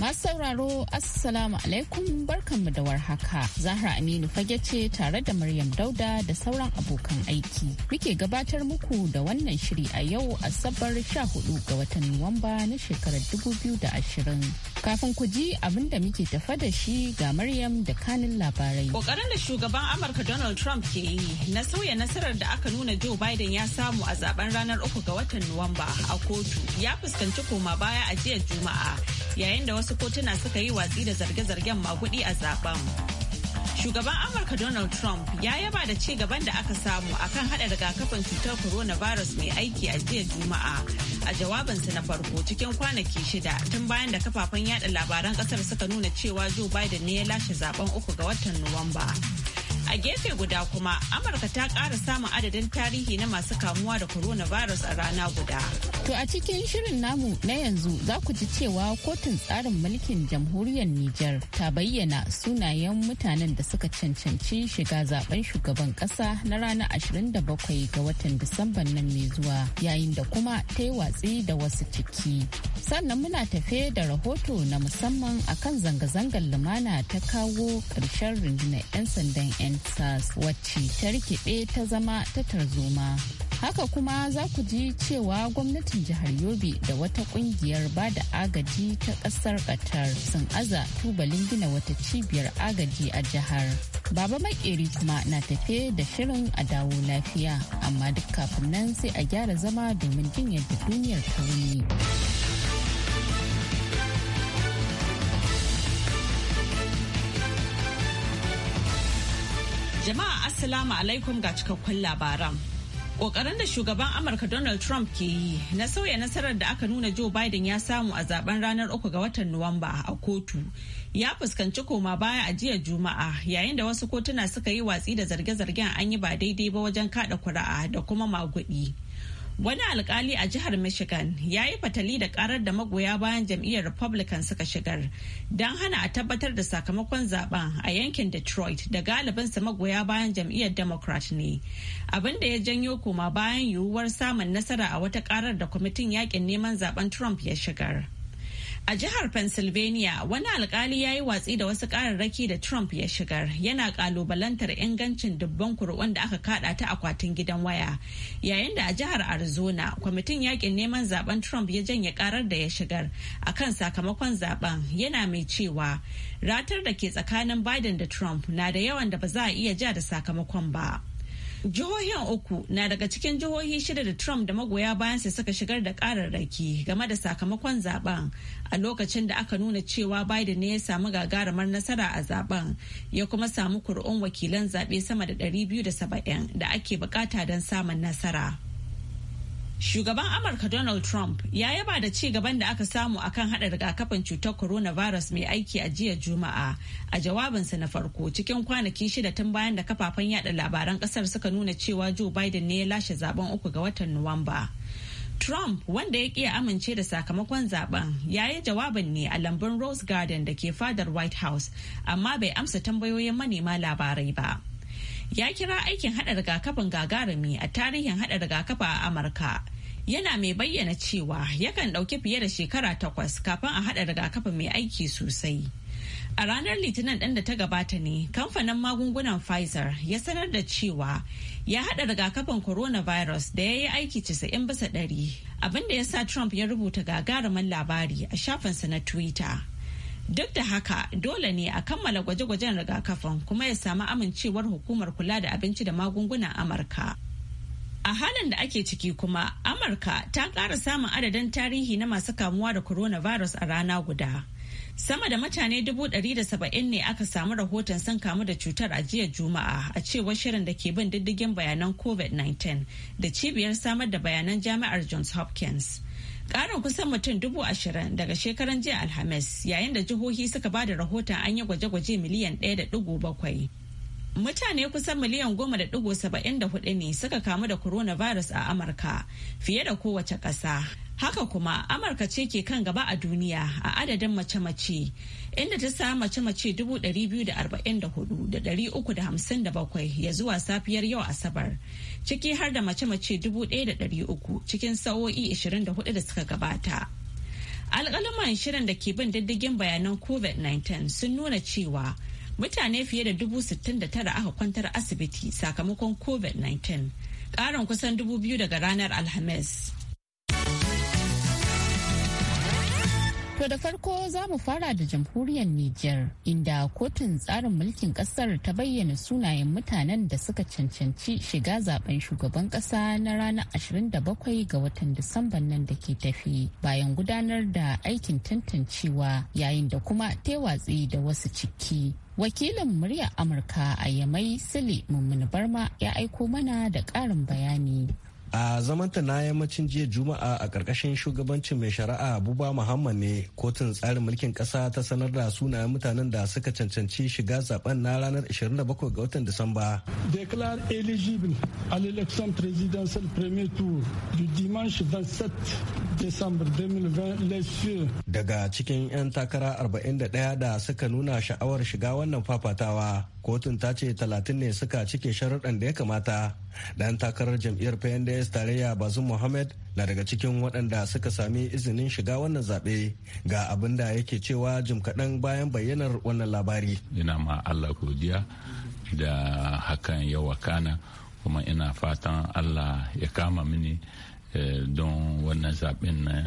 Masu sauraro Assalamu alaikum barkanmu da warhaka. Zahra Aminu fage ce tare da Maryam Dauda da sauran abokan aiki. Muke gabatar muku da wannan shiri a yau Asabar 14 ga watan Nuwamba na shekarar 2020. Kafin ku ji abin da muke tafa da shi ga Maryam da kanin labarai. Kokarin da shugaban Amurka Donald Trump ke yi na sauya nasarar da aka nuna Joe Biden ya samu a zaben ranar uku ga watan Nuwamba a kotu ya fuskanci koma baya a jiya Juma'a yayin da wasu wasu kotuna suka yi watsi da zarge-zargen maguɗi a zaben. Shugaban Amurka Donald Trump ya yaba da ci gaban da aka samu akan haɗa rigakafin cutar coronavirus mai aiki a jiya Juma'a a jawabinsa na farko cikin kwanaki shida tun bayan da kafafen yada labaran kasar suka nuna cewa Joe Biden ne ya lashe zaben uku ga watan Nuwamba. A gefe guda kuma, Amurka ta ƙara samun adadin tarihi na masu kamuwa da coronavirus a rana guda. To a cikin shirin namu na yanzu za ku ji cewa kotun tsarin mulkin jamhuriyar Nijar ta bayyana sunayen mutanen da suka cancanci shiga zaben shugaban kasa na ranar 27 ga watan Disamban nan mai zuwa yayin da kuma ta yi watsi da wasu ciki. Sannan muna tafe da rahoto na musamman a kan zanga-zangar lumana ta kawo ƙarshen rundunar 'yan sandan 'yan sas wacce ta rikide ta zama ta tarzoma. Haka kuma za ku ji cewa gwamnati gwamnatin jihar Yobe da wata kungiyar ba da agaji ta kasar Qatar sun aza tubalin gina wata cibiyar agaji a jihar. Baba Makeri kuma na tafe da shirin a dawo lafiya, amma duk kafin nan sai a gyara zama domin jin yadda duniyar ta wuni. Jama'a Assalamu alaikum ga cikakkun labaran. Kokarin da shugaban Amurka Donald Trump ke yi na sauya nasarar da aka nuna Joe Biden ya samu a zaben ranar uku ga watan Nuwamba a kotu ya fuskanci koma baya a jiya Juma'a yayin da wasu kotuna suka yi watsi da zarge-zargen an yi ba daidai ba wajen kada kuri'a da kuma magudi. Wani alkali a jihar Michigan ya yi fatali da karar da magoya bayan jam'iyyar Republican suka shigar don hana a tabbatar da sakamakon zaben a yankin Detroit da galibinsa magoya bayan jam'iyyar Democrat ne. Abin da ya janyo koma bayan yiwuwar samun nasara a wata karar da kwamitin yakin neman zaben Trump ya shigar. A jihar Pennsylvania, wani alkali ya yi watsi da wasu kararraki da Trump ya shigar, yana kalubalantar ingancin dubban kurwan da aka kada ta akwatin gidan waya. Yayin da a jihar Arizona, kwamitin yakin neman zaben Trump ya janye karar da ya shigar a kan sakamakon zaben yana mai cewa ratar da ke tsakanin Biden da Trump na da yawan da ba za a iya ja da sakamakon ba. Jihohin uku na daga cikin jihohi shida da Trump da magoya bayan bayansa suka shigar da kararraki game da sakamakon zaben a lokacin da aka nuna cewa Biden ne ya samu gagarumar nasara a zaben ya kuma samu kuri'un wakilan zaɓe sama da 270 da ake bukata don samun nasara. Shugaban Amurka Donald Trump ya yaba da ci gaban da aka samu akan hada rigakafin cutar coronavirus mai aiki a jiya Juma'a a jawabinsa na farko cikin kwanaki shida tun bayan da kafafen yada labaran kasar suka nuna cewa Joe Biden ne ya lashe zaben uku ga watan Nuwamba. Trump wanda ya ƙi amince da sakamakon zaben ya yi jawabin ne a lambun Rose Garden da ke fadar White House amma bai amsa tambayoyin manema labarai ba. ya kira aikin hada rigakafin gagarumi a tarihin hada rigakafa a amurka yana mai bayyana cewa yakan ɗauki fiye da shekara takwas kafin a hada rigakafa mai aiki sosai a ranar litinin ɗin da ta gabata ne kamfanin magungunan pfizer ya sanar da cewa ya hada rigakafin coronavirus da ya yi aiki 90 bisa ɗari abinda ya sa trump ya rubuta gagarumin labari a shafinsa na twitter Duk da haka dole ne a kammala gwaje-gwajen rigakafin kuma ya samu amincewar hukumar kula da abinci da magungunan Amurka. A halin da ake ciki kuma, Amurka ta ƙara samun adadin tarihi na masu kamuwa da coronavirus a rana guda. Sama da mutane 170 ne aka samu rahoton sun kamu da cutar a jiya Juma'a a cewar shirin da ke bin diddigin bayanan COVID-19 da cibiyar samar da bayanan jami'ar Johns Hopkins. karin kusan mutum dubu ashirin daga shekaran jiya Alhamis yayin da jihohi suka ba da rahoton an yi gwaje-gwaje miliyan ɗaya da ɗigo bakwai. Mutane kusan miliyan goma da ɗigo saba'in da hudu ne suka kamu da coronavirus a Amurka fiye da kowace ƙasa. Haka kuma Amurka ce ke kan gaba a duniya a adadin mace-mace. inda ta sa mace-mace 244,357 ya zuwa safiyar yau asabar ciki har da mace-mace 1,300 cikin sa'o'i 24 da suka gabata alƙaluman shirin da ke bin diddigin bayanan covid-19 sun nuna cewa mutane fiye da 69,000 aka kwantar asibiti sakamakon covid-19 ƙarin kusan 2,000 daga ranar alhamis To da farko za mu fara da jamhuriyar Nijar inda kotun tsarin mulkin kasar ta bayyana sunayen mutanen da suka cancanci shiga zaben shugaban kasa na ranar 27 ga watan Disamban nan da ke tafi bayan gudanar da aikin tantancewa yayin da kuma tewatsi da wasu ciki. Wakilin murya Amurka a Yamai Sili Mummuni Barma ya aiko mana da ƙarin bayani. a zamanta na yammacin jiya juma'a a ƙarƙashin shugabancin mai shari'a buba muhammad ne kotun tsarin mulkin ƙasa ta sanar da sunayen mutanen da suka cancanci shiga zaben na ranar 27 ga watan disamba declare eligible à l'élection Presidential premier du dimanche 27 December 2020 daga cikin 'yan takara 41 da suka nuna sha'awar shiga wannan fafatawa kotun ta ce talatin ne suka cike sharuɗan da ya kamata dan takarar jam'iyyar pnds tarayya bazum mohammed na daga cikin waɗanda suka sami izinin shiga wannan zaɓe ga abin da yake cewa jim kaɗan bayan bayyanar wannan labari ina ma allah godiya da hakan ya wakana kuma ina fatan allah ya kama mini eh, don wannan zaɓen na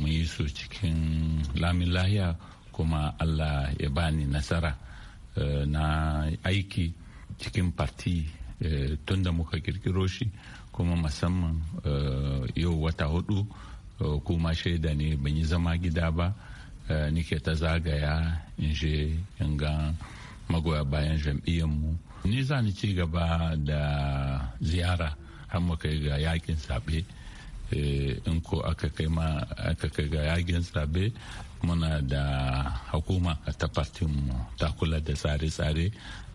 mu yi su cikin lamin lahiya kuma allah ya bani nasara Eh, na aiki cikin parti eh, tun da muka kirkiro shi kuma musamman eh, yau wata hudu kuma shaida ne ban yi zama gida ba nike ta zagaya in je in ga magoya bayan jam'iyyarmu ni za ni ci gaba da ziyara har mu kai ga yakin sabe in ko aka kai ma aka kai ga yakin sabe muna da hukuma ta partinmu ta kula da tsare-tsare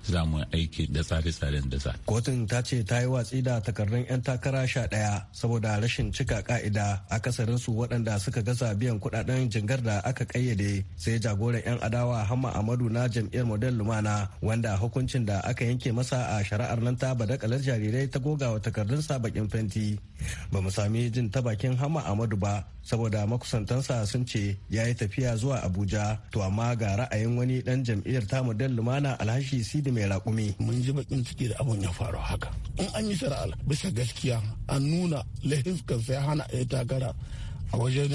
za mu aiki da tsare-tsaren da za. Kotun ta ce ta yi watsi da takardun 'yan takara sha ɗaya saboda rashin cika ka'ida akasarin su waɗanda suka gaza biyan kuɗaɗen jingar da aka ƙayyade sai jagoran 'yan adawa Hamma Amadu na jam'iyyar Model Lumana wanda hukuncin da aka yanke masa a shari'ar nan ta badakalar jarirai ta goga wa takardun sa bakin fenti. Ba mu sami jin ta bakin Hamma Amadu ba saboda makusantansa sun ce ya yi tafiya zuwa Abuja to amma ga ra'ayin wani ɗan jam'iyyar ta Model Lumana Alhashi Sidi mai raƙumi. Mun ji bakin ciki da abin ya faru haka. In an yi shari'a bisa gaskiya an nuna laifin sai hana a yi takara a wajen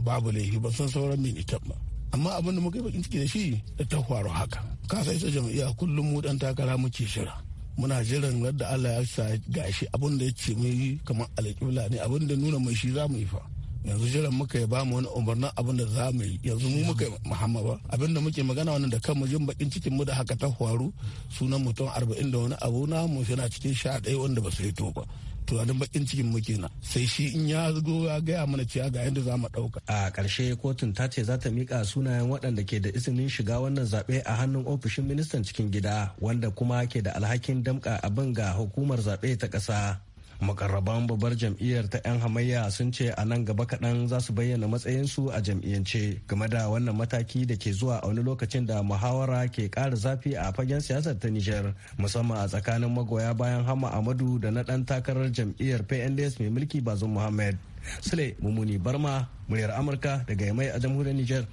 babu laifi ba san sauran mai ita ba. amma abin da muka yi bakin ciki da shi da ta faru haka ka sai ta jam'iyya kullum mu dan takara muke shira muna jiran yadda Allah ya sa gashi abin da ya ce mai kamar alƙibla ne abin da nuna mai shi za mu yi fa yanzu jiran muka ya bamu wani umarnin abin da za mu yi yanzu mu muka muhammad ba abin da muke magana wannan da kan jin bakin cikin mu da haka ta faru sunan mutum arba'in da wani abu na mu yana cikin sha ɗaya wanda ba su to ba tunanin bakin cikin mu kenan sai shi in ya zo ya gaya mana cewa ga yadda za mu ɗauka. a ƙarshe kotun ta ce za ta miƙa sunayen waɗanda ke da izinin shiga wannan zaɓe a hannun ofishin ministan cikin gida wanda kuma ke da alhakin damƙa abin ga hukumar zaɓe ta ƙasa. makarraban babbar jam'iyyar ta 'yan hamayya sun ce a nan gaba kaɗan za su bayyana matsayinsu a jam'iyyance game da wannan mataki da ke zuwa a wani lokacin da muhawara ke ƙara zafi a fagen siyasar ta nijar musamman a tsakanin magoya bayan hama amadu da na ɗan takarar jam'iyyar pnds mai mulki bazum muhammad sule mummuni barma muryar amurka daga yamai a jamhuriyar nijar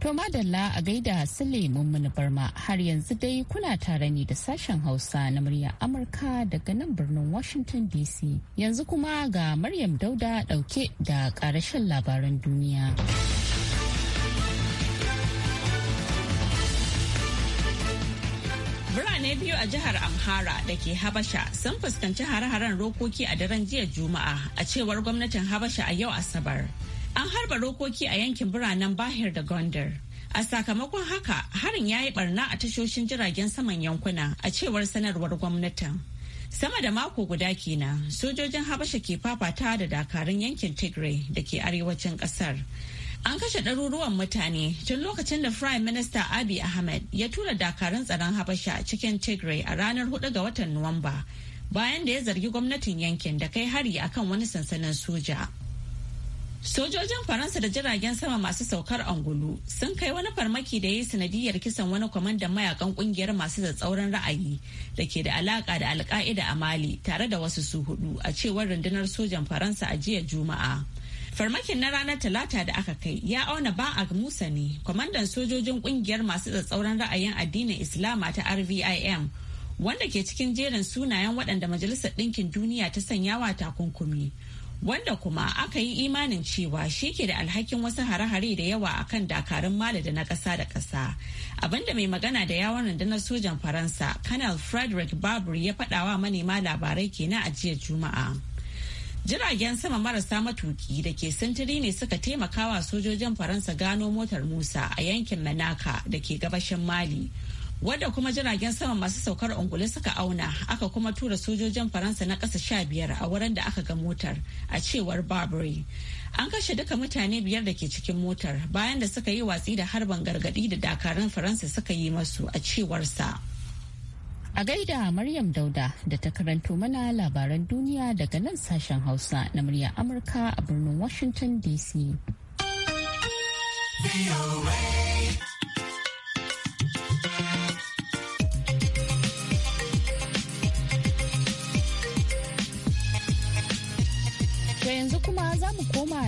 To madalla a gaida Sule Mummuni Barma har yanzu dai kuna tare ne da sashen Hausa na murya Amurka daga nan birnin Washington DC. Yanzu kuma ga Maryam Dauda dauke da karashen labaran duniya. Birane biyu a jihar Amhara da ke Habasha sun fuskanci hare-haren rokoki a daren jiya Juma'a a cewar gwamnatin Habasha a yau Asabar. an harba rokoki a yankin biranen bahir da gondar a sakamakon haka harin ya yi barna a tashoshin jiragen saman yankuna a cewar sanarwar gwamnatin sama da mako guda kenan sojojin habasha ke fafata da dakarun yankin tigray da ke arewacin kasar an kashe ɗaruruwan mutane tun lokacin da prime minister abiy ahmed ya tura dakarun tsaron habasha cikin tigray a ranar 4 ga watan nuwamba bayan da ya zargi gwamnatin yankin da kai hari akan wani sansanin soja Sojojin Faransa da jiragen sama masu saukar angulu sun kai wani farmaki da ya yi sanadiyar kisan wani kwamandan mayakan kungiyar masu tsauran ra'ayi da ke da alaka da alka'ida a Mali tare da wasu su hudu a cewar rundunar sojan Faransa a jiya Juma'a. Farmakin na ranar Talata da aka kai ya auna ba a Musa ne, kwamandan sojojin kungiyar masu tsatsauran ra'ayin addinin Islama ta RVIM, wanda ke cikin jerin sunayen waɗanda Majalisar Ɗinkin Duniya ta sanya wa takunkumi. wanda kuma aka yi imanin cewa shi ke da alhakin wasu hare-hare da yawa a kan dakarun mali da na ƙasa da ƙasa abinda mai magana da yawon rundunar sojan faransa Colonel frederick barber ya faɗawa manema labarai kenan a jiya juma'a jiragen sama marasa matuki da ke sintiri ne suka taimakawa sojojin faransa gano motar musa a yankin manaka da ke gabashin mali wadda kuma jiragen sama masu saukar ungulu suka auna aka kuma tura sojojin faransa na kasa sha biyar a wurin da aka ga motar a cewar barbary an kashe duka mutane biyar da ke cikin motar bayan da suka yi watsi da harban gargadi da dakarun faransa suka yi masu a cewarsa a gaida maryam dauda da ta karanto mana labaran duniya daga nan sashen hausa na murya amurka a birnin washington dc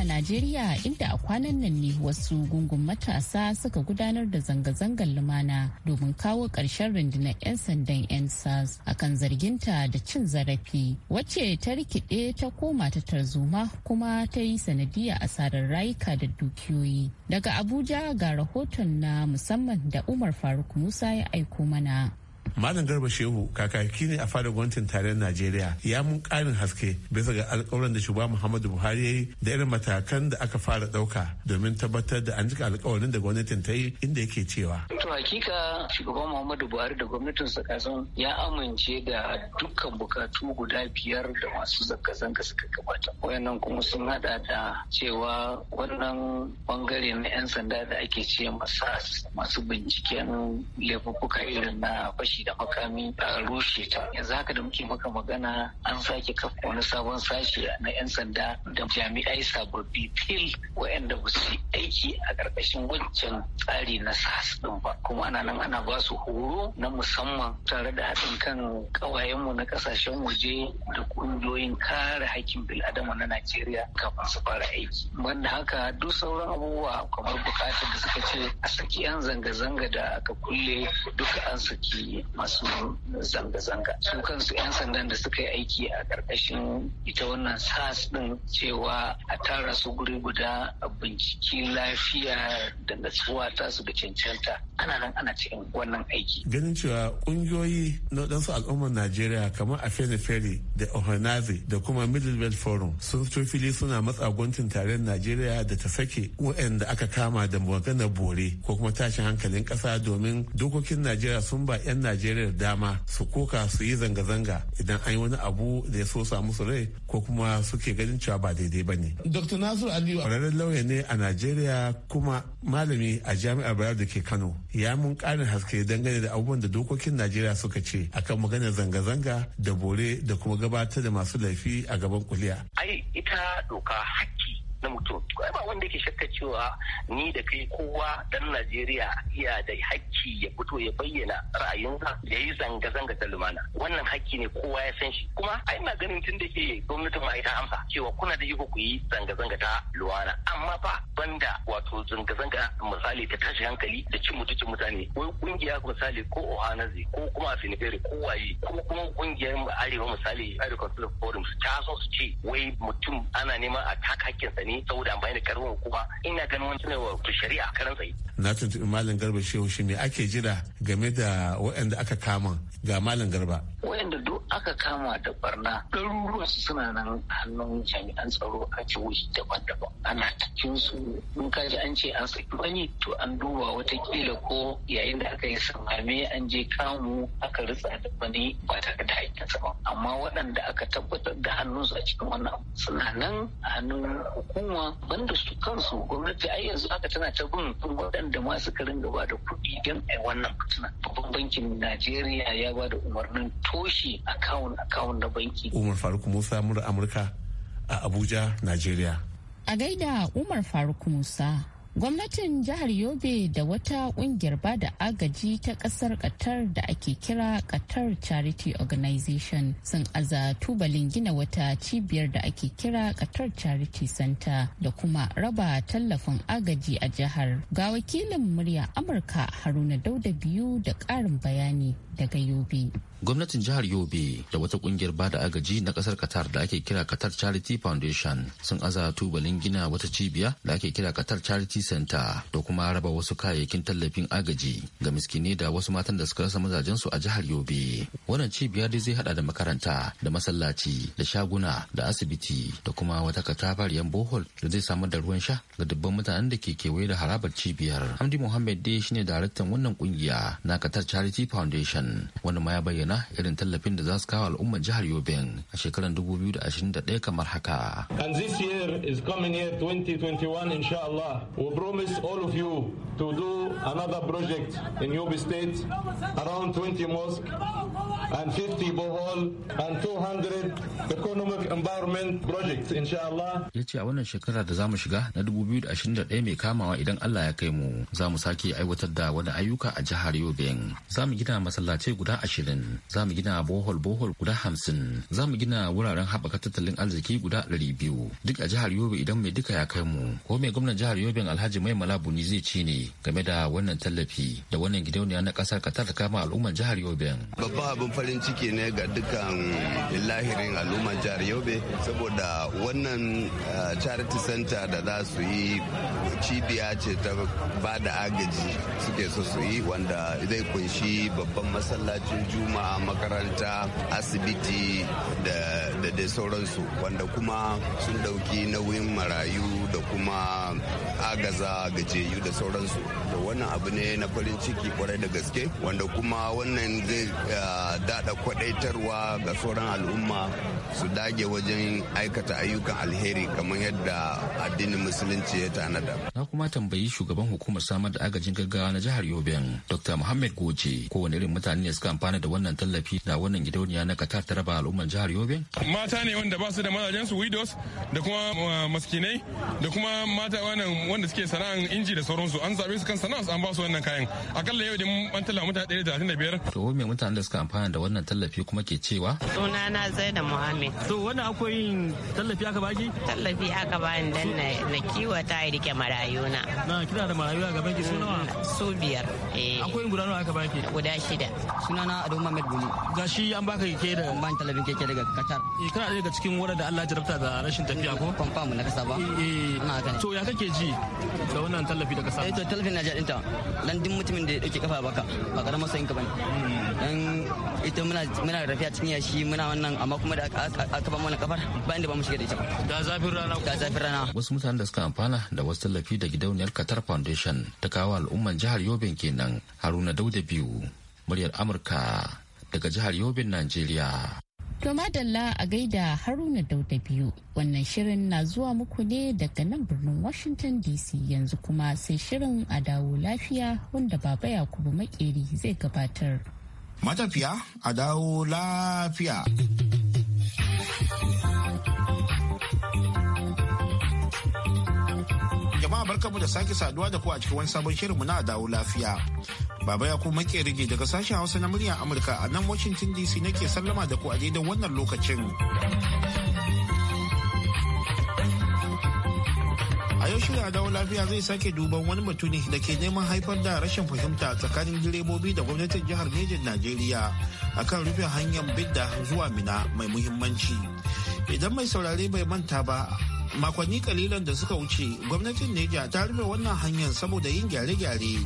a Najeriya inda a kwanan nan ne wasu gungun matasa suka gudanar da zanga-zangar lumana domin kawo ƙarshen rundunar 'yan sandan 'yan SARS akan zarginta da cin zarafi wacce ta rikide ta koma ta tarzoma kuma ta yi sanadiyya asarar rayuka da dukiyoyi. Daga Abuja ga rahoton na musamman da Umar Faruk Musa ya aiko mana. Malam Garba Shehu kakaki ne a fadar gwamnatin tarayyar Najeriya ya mun karin haske bisa ga alkawarin da shugaba Muhammadu Buhari ya da irin matakan da aka fara dauka domin tabbatar da an jika alkawarin da gwamnatin ta yi inda yake cewa. To hakika shugaban Muhammadu Buhari da gwamnatin sa kasan ya amince da dukkan bukatu guda biyar da masu zanga-zanga suka gabata. Wayannan kuma sun hada da cewa wannan bangare na 'yan sanda da ake ce masa masu binciken laifuffuka irin na fashi da makami a rushe ta yanzu haka da muke maka magana an sake kafa wani sabon sashe na 'yan sanda da jami'ai sababbi fil waɗanda ba su aiki a ƙarƙashin wancan tsari na sas ɗin ba kuma ana nan ana ba su horo na musamman tare da haɗin kan ƙawayenmu na ƙasashen waje da ƙungiyoyin kare haƙƙin bil'adama na najeriya kafin su fara aiki banda haka duk sauran abubuwa kamar bukatar da suka ce a saki 'yan zanga-zanga da aka kulle duka an saki masu zanga-zanga su kansu 'yan sandan da suka yi aiki a ƙarƙashin ita wannan sas din cewa a tara su guri guda a binciki lafiya da natsuwa ta su da cancanta ana nan ana cikin wannan aiki ganin cewa ƙungiyoyi na waɗansu al'ummar najeriya kamar a fere da ohanaze da kuma belt forum sun fito fili suna matsa gwamnatin tarayyar najeriya da ta sake waɗanda aka kama da maganar bore ko kuma tashin hankalin ƙasa domin dokokin najeriya sun ba 'yan najeriya najeriya da dama su koka su yi zanga-zanga idan an yi wani abu da ya so samu su rai ko kuma suke ganin cewa ba daidai ba ne dr nasiru aliyu kwararren lauya ne a najeriya kuma malami a jami'ar bayar da ke kano ya mun ƙarin haske dangane da abubuwan da dokokin najeriya suka ce akan magana zanga-zanga da bore da kuma gabatar da masu laifi a gaban kuliya ai ita doka hakki na mutum ba wanda ke shakka cewa ni da kai kowa dan Najeriya iya da hakki ya fito ya bayyana ra'ayinsa ya yi zanga-zanga ta lumana wannan hakki ne kowa ya san shi kuma a ina ganin tun da ke gwamnatin ma amsa cewa kuna da iko ku yi zanga-zanga ta lumana amma fa banda wato zanga-zanga misali ta tashi hankali da cin mutuncin mutane wai kungiya misali ko Ohanaze ko kuma Sinifere ko waye ko kuma kungiyar arewa misali Arewa da forums ta so su ce wai mutum ana neman a taka hakkin ne ne saboda amfani da karfin hukuma ina ganin wani wa shari'a karan tsaye. na tuntuɓi malam garba shehu shi me ake jira game da waɗanda aka kama ga malam garba. waɗanda aka kama da barna ɗaruruwan su suna nan hannun jami'an tsaro a jihohi daban-daban ana cikin su in ka an ce an saki wani to an duba watakila ko yayin da aka yi samame an je kamu aka ritsa da wani ba tare da haƙƙinsa ba amma waɗanda aka tabbatar da hannun su a cikin wannan suna nan hannun hukuma banda su kansu gwamnati ai yanzu aka tana ta bin waɗanda ma suka ringa ba da kuɗi don ai wannan fitina babban bankin najeriya ya ba da umarnin toshi akawun na banki. Umar Faruk Musa mura Amurka a Abuja, Najeriya. A gaida Umar Faruk Musa. Gwamnatin jihar Yobe da wata kungiyar bada agaji ta kasar Qatar da ake kira Qatar Charity Organization sun aza tubalin gina wata cibiyar da ake kira Qatar Charity Center da kuma raba tallafin agaji a jihar. Ga wakilin murya Amurka Haruna Dauda biyu da ƙarin bayani daga Yobe. gwamnatin jihar yobe da wata kungiyar bada agaji na kasar qatar da ake kira qatar charity foundation sun aza tubalin gina wata cibiya da ake kira qatar charity center da kuma raba wasu kayayyakin tallafin agaji ga miskini da wasu matan da suka rasa mazajensu a jihar yobe wannan cibiyar dai zai hada da makaranta da masallaci da shaguna da asibiti da kuma wata katafariyar bohol da zai samar da ruwan sha ga dubban mutanen da ke kewaye da harabar cibiyar hamdi muhammad dai shine daraktan wannan kungiya na qatar charity foundation wanda ma ya bayyana masana irin tallafin da za su kawo al'ummar jihar Yobin a shekarar 2021 kamar haka. And this year is coming year 2021 insha Allah. We promise all of you to do another project in Yobe state around 20 mosques and 50 bohol and 200 economic environment projects insha Allah. Ya ce a wannan shekara da za mu shiga na 2021 mai kamawa idan Allah ya kai mu za mu sake aiwatar da wani ayyuka a jihar Yobe. Za mu gina masallatai guda ashirin za mu gina bohol bohol guda hamsin za mu gina wuraren haɓaka tattalin arziki guda ɗari biyu duk a jihar yobe idan mai duka ya kai mu ko mai gwamnan jihar yobe alhaji mai malabuni zai ci ne game da wannan tallafi da wannan gidauniya na ƙasar katar ta kama al'ummar jihar yobe. babban abin farin ciki ne ga dukkan lahirin al'ummar jihar yobe saboda wannan eh, charity center da za su yi cibiya ce ta ba da agaji suke so su yi wanda zai kunshi babban masallacin juma A makaranta asibiti da dai sauransu wanda kuma sun ɗauki nauyin marayu da kuma agaza gajeyu da sauransu da wannan abu ne na farin ciki kwarai da gaske wanda kuma wannan zai daɗa kwadaitarwa ga sauran al'umma su dage wajen aikata ayyukan alheri kamar yadda addinin musulunci ya tanada. Na kuma tambayi shugaban hukumar samar da agajin gaggawa na jihar Yobe, Dr. Muhammad Goje, kowane irin mutane ne suka amfana da wannan wannan tallafi da wannan gidauniya na Qatar ta raba al'umman jihar Yobe? Mata ne wanda ba su da mazajen su widows da kuma uh, maskinai da kuma mata wannan wanda suke sana'an inji da sauransu an zabe su kan sana'a an ba su wannan kayan. Akalla yau din an tallafa mutane 135. To me mutanen da suka amfana da wannan tallafi kuma ke cewa? Sunana Zainab Muhammad. To wannan akwai yin tallafi aka baki? Tallafi aka bani dan na kiwata ya rike marayuna. Na kina da marayu a gaban ki su nawa? Su biyar. Eh. Akwai guda nawa aka baki? Guda shida. Sunana Ado Ahmad Gumi. Ga shi an baka keke da? An bani talabin keke daga Qatar. Eh kana daga cikin wadda da Allah jarabta da rashin tafiya ko? Confirm na kasa ba. Eh, eh. ina haka To ya kake ji da wannan talabi da kasa? Eh to talabin na din ta. Dan din mutumin da ya dauke kafa baka ba karamar sayin ka bane. Hmm. Dan ita muna muna rafiya cikin yashi muna wannan amma kuma da aka ba mana kafar ba inda ba mu shiga da ita. Da zafin rana. Da zafin rana. Wasu mutanen da suka amfana da wasu tallafi da gidauniyar Qatar Foundation ta kawo al'umman jihar Yobe kenan Haruna Dauda biyu muryar Amurka daga jihar Yobin, Najeriya. To madalla a gaida Haruna Dauda biyu wannan shirin na zuwa muku ne daga nan birnin Washington DC yanzu kuma sai shirin a dawo lafiya wanda Baba Yakubu Makeri zai gabatar. Matafiya a dawo lafiya. Jama'a mu da sake saduwa da ku a cikin wani sabon shirinmu na dawo lafiya. Baba ya ku make rige daga sashen Hausa na muryar Amurka a nan Washington DC nake sallama da ku a daidan wannan lokacin. a yau shirin dawo lafiya zai sake duban wani batu da ke neman haifar da rashin fahimta tsakanin direbobi da gwamnatin jihar Nejin Najeriya akan rufe hanyar bidda zuwa mina mai muhimmanci. Idan mai saurare bai manta ba makonni kalilan da suka wuce gwamnatin neja ta rufe wannan hanyar saboda yin gyare-gyare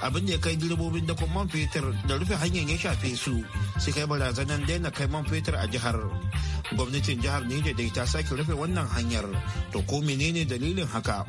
abin da ya kai direbobin dakon man fetur da rufe hanyar ya shafe su su kai barazanar daina kai man fetur a jihar gwamnatin jihar neja dai ta sake rufe wannan hanyar to ko menene dalilin haka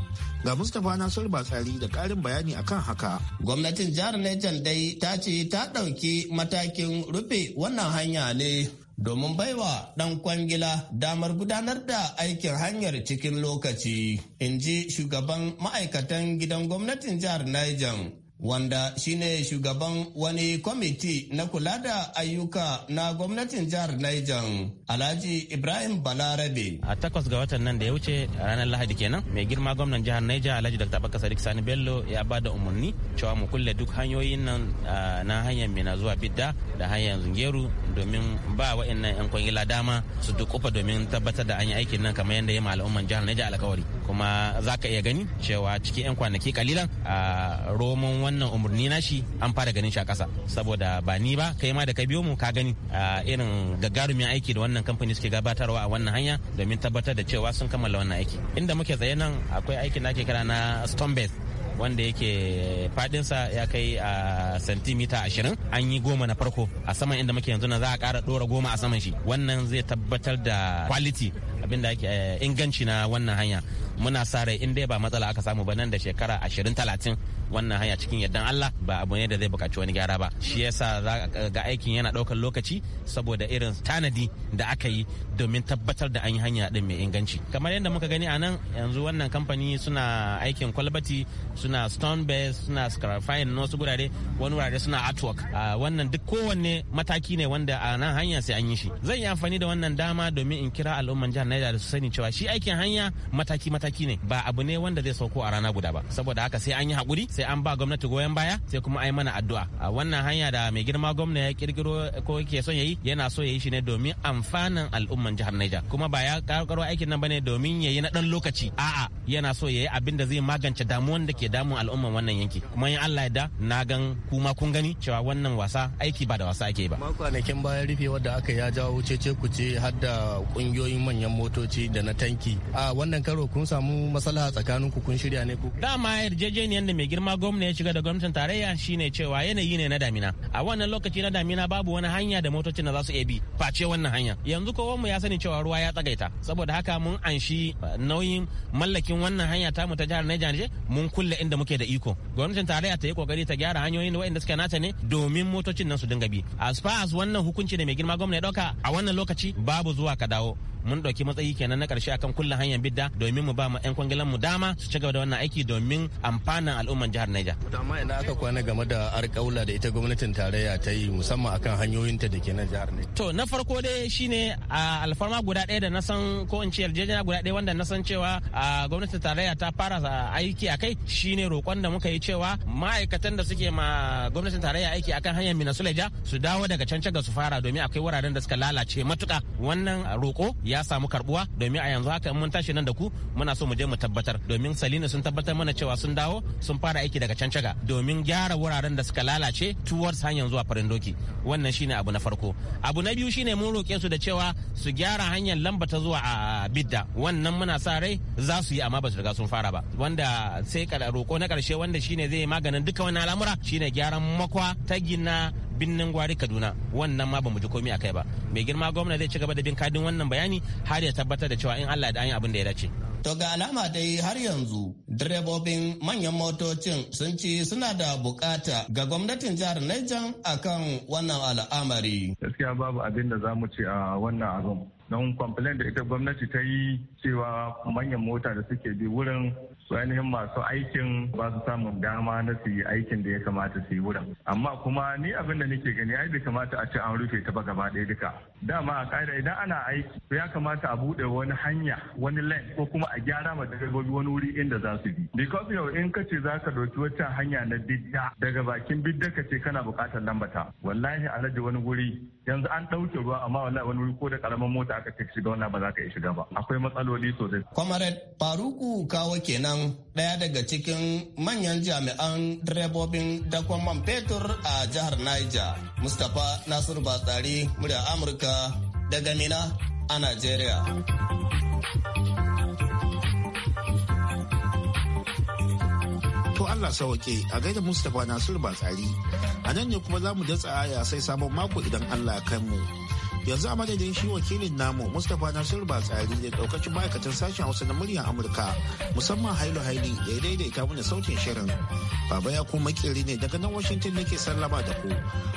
ga mustapha nasiru batsari da karin bayani akan haka gwamnatin jihar neja dai ta ce ta ɗauki matakin rufe wannan hanya ne domin baiwa ɗan kwangila damar gudanar da aikin hanyar cikin lokaci, in ji shugaban ma'aikatan gidan gwamnatin jihar Niger. wanda shine shugaban wani kwamiti na kula da ayyuka na gwamnatin jihar Niger Alhaji Ibrahim Balarabe. A takwas ga watan nan da ya wuce ranar Lahadi kenan mai girma gwamnan jihar Niger Alhaji Dr. Abubakar Sadiq Sani Bello ya ba da umarni cewa mu kulle duk hanyoyin nan ah, na hanyar Mina zuwa Bidda da hanyar Zungeru domin ba waɗannan 'yan kwangila dama su dukufa domin tabbatar da an yi aikin nan kamar yadda ya ma al'umman jihar Niger alkawari kuma za ka iya gani cewa cikin 'yan kwanaki kalilan a roman wannan umarni na shi an fara ganin shi a ƙasa saboda ba ni ba kai ma da ka biyo mu ka gani a irin gagarumin aiki da wannan kamfani suke gabatarwa a wannan hanya domin tabbatar da cewa sun kammala wannan aiki inda muke tsaye nan akwai aikin da ake kira na stone wanda yake fadinsa ya kai a santimita ashirin an yi goma na farko a saman inda muke yanzu na za a kara dora goma a saman shi wannan zai tabbatar da quality abin da ake eh, inganci na wannan hanya muna sa rai in dai ba matsala aka samu ba nan da shekara ashirin talatin wannan hanya cikin yardan Allah ba abu ne da zai bukaci wani gyara ba shi yasa ga aikin yana daukar lokaci saboda irin tanadi da aka yi domin tabbatar da an yi hanya din mai inganci kamar yadda muka gani a nan yanzu wannan kamfani suna aikin kwalbati suna stone base suna scarifying na wasu gurare wani wurare suna artwork wannan duk kowanne mataki ne wanda a nan hanya sai an yi shi zan yi amfani da wannan dama domin in kira al'umman jihar Niger da su sani cewa shi aikin hanya mataki-mataki ne ba abu ne wanda zai sauko a rana guda ba saboda haka sai an yi hakuri sai an ba gwamnati goyon baya sai kuma ai mana addu'a a wannan hanya da mai girma gwamna ya kirkiro ko yake son yayi yana so yayi shi ne domin amfanin al'umman jihar Niger kuma ba ya karkaro aikin nan bane domin yayi na dan lokaci a'a yana so yayi abin da zai magance damuwan da ke damun al'umman wannan yanki kuma in Allah ya da na gan kuma kun gani cewa wannan wasa aiki ba da wasa ake ba kwanakin bayan rufe wadda aka ya jawo cece kuce har da kungiyoyin manyan motoci da na tanki a wannan karo kun samu maslaha tsakanin ku kun shirya ne ku dama yarjejeniyar da mai girma gwamna ya shiga da gwamnatin tarayya shine cewa yanayi ne na damina a wannan lokaci na damina babu wani hanya da motocin da za su iya bi face wannan hanya yanzu ko mu ya sani cewa ruwa ya tsagaita saboda haka mun anshi eh, nauyin mallakin wannan hanya ta mu ta jihar Niger ne mun kulle inda muke da iko gwamnatin tarayya ta yi kokari ta gyara hanyoyin da waɗanda suka nata ne domin motocin nan su dinga bi as far as wannan hukunci da mai girma gwamna ya dauka a wannan lokaci babu zuwa ka dawo mun dauki matsayi kenan na ƙarshe akan kullum hanyar bidda domin mu ba mu 'yan kwangilan mu dama su ci gaba da wannan aiki domin amfanin al'umman jihar Niger. Amma idan aka kwana game da arƙaula da ita gwamnatin tarayya ta yi musamman akan ta da ke nan jihar Niger. To na farko dai shine a alfarma guda ɗaya da na san ko in ce yarjejeniya guda ɗaya wanda na san cewa gwamnatin tarayya ta fara aiki a kai shine roƙon da muka yi cewa ma'aikatan da suke ma gwamnatin tarayya aiki akan hanyar Mina Suleja su dawo daga can ga su fara domin akwai wuraren da suka lalace matuka wannan roƙo ya samu karbuwa domin a yanzu haka mun tashi nan da ku muna so mu je mu tabbatar domin salina sun tabbatar mana cewa sun dawo sun fara aiki daga can caga domin gyara wuraren da suka lalace tuwar hanyar zuwa farin doki wannan shine abu na farko abu na biyu shine mun roƙe su da cewa su gyara hanyar lamba ta zuwa a ah, bidda wannan muna sa rai za su yi amma ba su riga sun fara ba wanda sai roko na karshe wanda shine zai yi maganin duka wani al'amura shine gyaran makwa ta gina binnin gwari kaduna wannan ma bamu ji komai akai ba mai girma gwamna zai ci gaba da bin kadin wannan bayani har ya tabbatar da cewa in allah da an yi abin da ya dace To ga alama dai har yanzu direbobin manyan motocin sun ci suna da bukata ga gwamnatin jihar Niger akan wannan al'amari. Gaskiya babu abin da za mu ci a wannan abin. don kwamfilin da ita gwamnati ta yi cewa manyan mota da suke bi wurin su ainihin masu aikin ba su samun dama na su yi aikin da ya kamata su yi wurin amma kuma ni abin da nake gani ai bai kamata a ce an rufe ta ba gaba ɗaya duka dama a ƙa'ida idan ana aiki to ya kamata a buɗe wani hanya wani lane ko kuma a gyara ma direbobi wani wuri inda za su bi because yau in ka ce za ka ɗauki wata hanya na bidda daga bakin bidda ka ce kana buƙatar lambata wallahi alhaji wani wuri yanzu an ɗauke ruwa amma wallahi wani wuri ko da karamin mota aka ce shiga wannan ba za ka iya shiga ba akwai matsaloli sosai. comrade faruku kawo kenan ɗaya daga cikin manyan jami'an direbobin dakon man fetur a jihar niger mustapha nasiru batsari murya amurka daga mina a nigeria. Allah sauke a gaida Mustapha Nasiru tsari A nan ne kuma za mu datsa aya sai sabon mako idan Allah kan mu. Yanzu a madadin shi wakilin namu Mustapha Nasiru tsari da daukacin ma'aikatan sashen Hausa na muryar Amurka musamman Hailu Haili da ya daidaita mana sautin shirin. Baba ya kuma makeri ne daga nan Washington nake sallama da ku.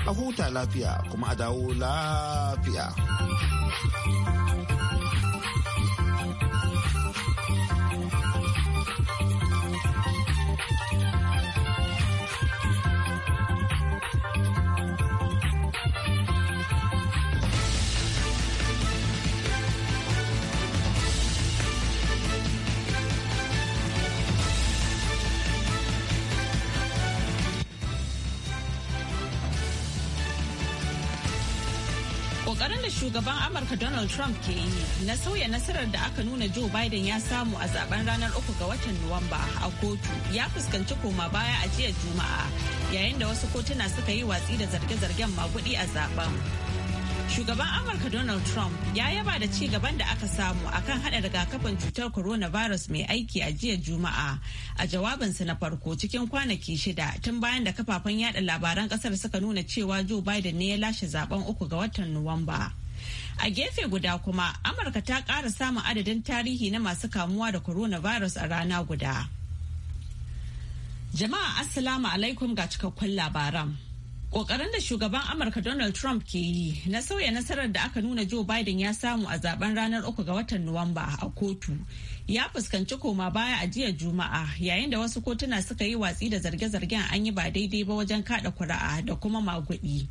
A huta lafiya kuma a dawo lafiya. shugaban Amurka Donald Trump ke yi na sauya nasarar da aka nuna Joe Biden ya samu a zaben ranar uku ga watan Nuwamba a kotu ya fuskanci koma baya a jiya Juma'a yayin da wasu kotuna suka yi watsi da zarge-zargen magudi a zaben. Shugaban Amurka Donald Trump ya yaba da ci gaban da aka samu akan hada rigakafin cutar coronavirus mai aiki a jiya Juma'a a jawabinsa na farko cikin kwanaki shida tun bayan da kafafen yada labaran kasar suka nuna cewa Joe Biden ne ya lashe zaben uku ga watan Nuwamba. A gefe guda kuma, Amurka ta ƙara samun adadin tarihi na masu kamuwa da coronavirus a rana guda. Jama'a Assalamu alaikum ga cikakkun labaran. Ƙoƙarin da shugaban Amurka Donald Trump ke yi na sauya nasarar da aka nuna Joe Biden ya samu a zaben ranar uku ga watan Nuwamba a kotu ya fuskanci koma baya a jiya Juma'a yayin da wasu kotuna suka yi watsi da zarge-zargen an yi ba daidai ba wajen kada kuri'a da kuma maguɗi.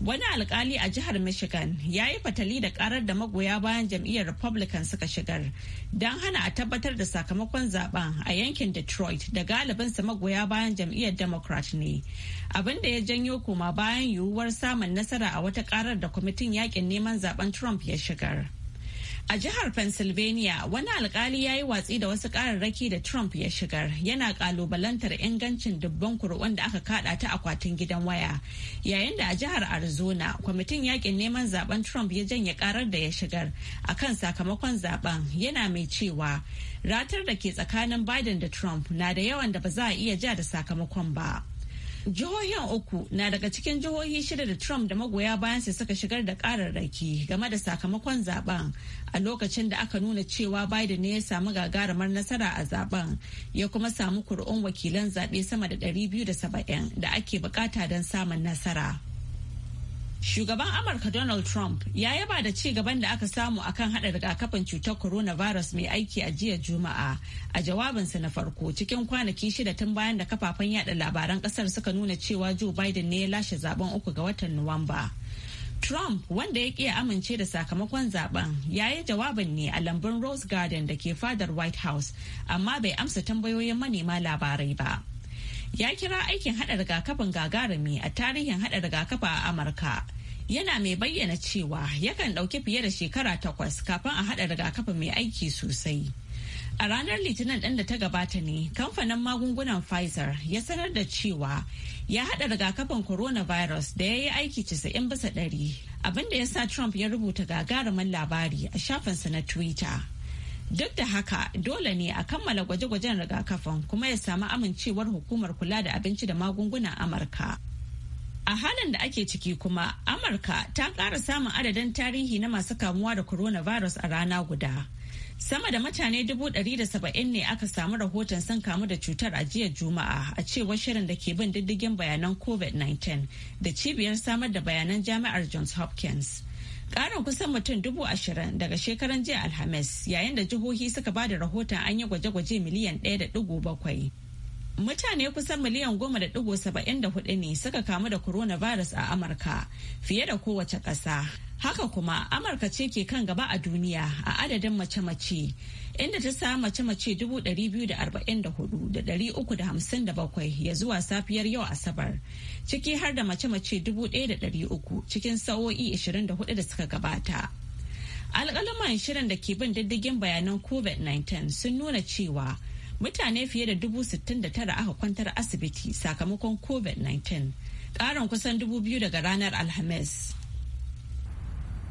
Wani alkali a jihar Michigan ya yi fatali da karar da magoya bayan jam'iyyar Republican suka shigar don hana a tabbatar da sakamakon zaben a yankin Detroit da galibinsa magoya bayan jam'iyyar Democrat ne. Abin da ya janyo koma bayan yiwuwar samun nasara a wata karar da kwamitin yakin neman zaben Trump ya shigar. A jihar Pennsylvania, wani alkali ya yi watsi da wasu kararraki da Trump ya shigar, yana kalubalantar ingancin dubban kurwan da aka kada ta akwatin gidan waya. Yayin da a jihar Arizona, kwamitin yakin neman zaben Trump ya janye karar da ya shigar a kan sakamakon zaben yana mai cewa ratar da ke tsakanin Biden da Trump na da yawan da ba za a iya ja da sakamakon ba. Jihohin uku na daga cikin jihohi shida da Trump da magoya bayan bayansa suka shigar da kararraki game da sakamakon zaben a lokacin da aka nuna cewa Biden ne ya samu gagarumar nasara a zaben ya kuma samu kuri'un wakilan zaɓe sama da 270 da ake bukata don samun nasara. Shugaban Amurka Donald Trump ya yaba da ci gaban da aka samu akan hada rigakafin cutar coronavirus mai aiki a jiya Juma'a a jawabinsa na farko cikin kwanaki shida tun bayan da kafafen yada labaran kasar suka nuna cewa Joe Biden ne ya lashe zaben uku ga watan Nuwamba. Trump wanda ya kiya amince da sakamakon zaben ya yi jawabin ne a lambun Rose Garden da ke fadar White House amma bai amsa tambayoyin manema labarai ba. ya kira aikin hada rigakafin gagarumi a tarihin hada rigakafa a amurka yana mai bayyana cewa yakan ɗauki fiye da shekara takwas kafin a haɗa rigakafi mai aiki sosai. A ranar Litinin ɗin da ta gabata ne, kamfanin magungunan Pfizer ya sanar da cewa ya haɗa rigakafin coronavirus da ya yi aiki casa'in bisa ɗari, abinda ya sa Trump ya rubuta gagarumin labari a shafinsa na Twitter. Duk da haka, dole ne a kammala gwaje-gwajen rigakafin kuma ya samu amincewar hukumar kula da abinci da magungunan Amurka. A halin da ake ciki kuma, Amurka ta ƙara samun adadin tarihi na masu kamuwa da coronavirus a rana guda. Sama da mutane 170 ne aka samu rahoton sun kamu da cutar a jiya Juma'a a cewar shirin da ke bin diddigin bayanan COVID-19 da cibiyar samar da bayanan jami'ar Johns Hopkins. Ƙarin kusan mutum dubu ashirin daga shekaran jiya Alhamis yayin da jihohi suka ba da rahoton an yi gwaje-gwaje miliyan ɗaya da ɗigo bakwai. Mutane kusan miliyan goma da digo saba'in da hudu ne suka kamu da coronavirus a Amurka fiye da kowace ƙasa. Haka kuma Amurka ce ke kan gaba a duniya a adadin mace-mace inda ta sa mace-mace dubu ɗari biyu da arba'in da hudu da ɗari uku da hamsin da bakwai ya zuwa safiyar yau Asabar. Ciki har da mace-mace dubu ɗaya da ɗari uku cikin sa'o'i ashirin da hudu da suka gabata. Alƙaluman shirin da ke bin diddigin bayanan COVID-19 sun nuna cewa mutane fiye da dubu sittin da tara aka kwantar asibiti sakamakon covid-19 ƙarin kusan dubu biyu daga ranar alhamis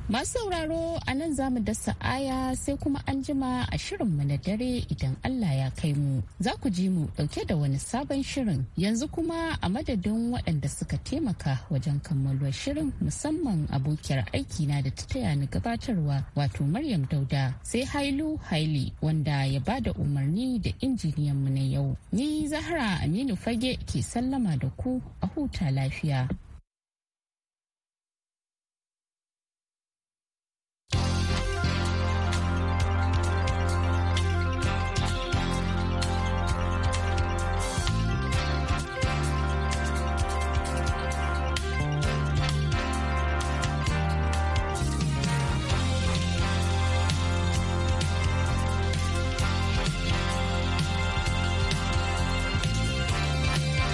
Masu sauraro a nan za mu dasa aya sai kuma an jima a shirinmu na dare idan Allah ya kai mu. Za ku ji mu dauke da wani sabon shirin yanzu kuma a madadin waɗanda suka taimaka wajen kammaluwar shirin musamman abokiyar aikina da ta taya ni gabatarwa wato Maryam Dauda sai Hailu Haili wanda ya ba da umarni da injiniyan mu na yau. Ni Zahra Aminu Fage ke sallama da ku a huta lafiya.